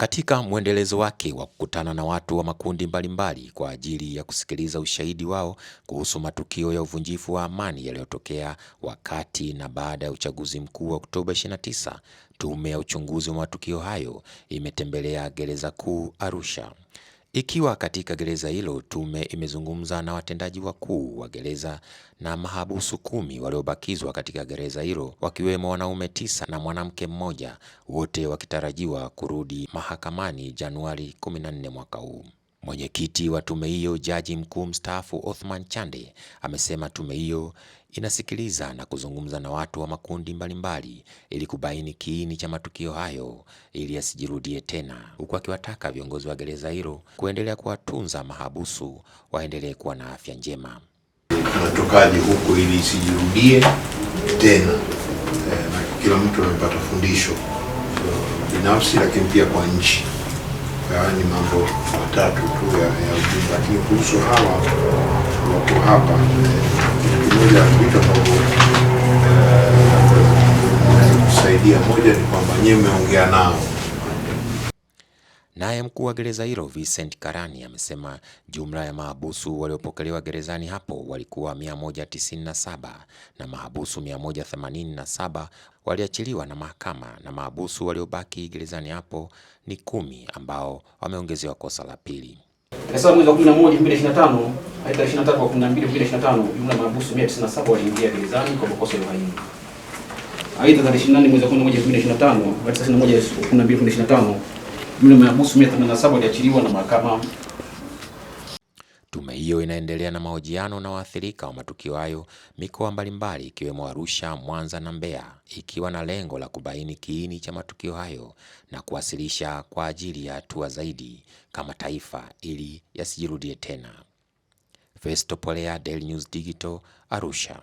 Katika mwendelezo wake wa kukutana na watu wa makundi mbalimbali kwa ajili ya kusikiliza ushahidi wao kuhusu matukio ya uvunjifu wa amani yaliyotokea wakati na baada ya uchaguzi mkuu wa Oktoba 29, tume ya uchunguzi wa matukio hayo imetembelea Gereza Kuu Arusha. Ikiwa katika gereza hilo, tume imezungumza na watendaji wakuu wa gereza na mahabusu kumi waliobakizwa katika gereza hilo, wakiwemo wanaume tisa na mwanamke mmoja, wote wakitarajiwa kurudi mahakamani Januari 14 mwaka huu. Mwenyekiti wa tume hiyo Jaji Mkuu mstaafu Othman Chande amesema tume hiyo inasikiliza na kuzungumza na watu wa makundi mbalimbali ili kubaini kiini cha matukio hayo ili yasijirudie tena, huku akiwataka viongozi wa gereza hilo kuendelea kuwatunza mahabusu waendelee kuwa na afya njema. Tunatokaje huku ili isijirudie tena eh, na kila mtu amepata fundisho binafsi, lakini pia kwa nchi yaani mambo matatu tu ya lakini kuhusu hawa wako hapa, kimoja vitu eh, ambavyo kusaidia, moja ni kwamba nyewe mmeongea nao Naye mkuu wa gereza hilo Vincent Karani amesema jumla ya mahabusu waliopokelewa gerezani hapo walikuwa 197 na mahabusu 187 waliachiliwa na mahakama na mahabusu waliobaki gerezani hapo ni kumi ambao wameongezewa kosa la pili. Sawa mwezi wa 11 2025 hadi 23 wa 12 2025, jumla ya mahabusu 197 waliingia gerezani kwa makosa ya uhaini. Aidha, tarehe 24 mwezi wa 11 2025 hadi 31 wa 12 2025 yule 187 waliachiliwa na mahakama. Tume hiyo inaendelea na mahojiano na waathirika wa matukio hayo mikoa mbalimbali ikiwemo Arusha, Mwanza na Mbeya, ikiwa na lengo la kubaini kiini cha matukio hayo na kuwasilisha kwa ajili ya hatua zaidi kama taifa ili yasijirudie tena. Festo Polea, Daily News Digital, Arusha.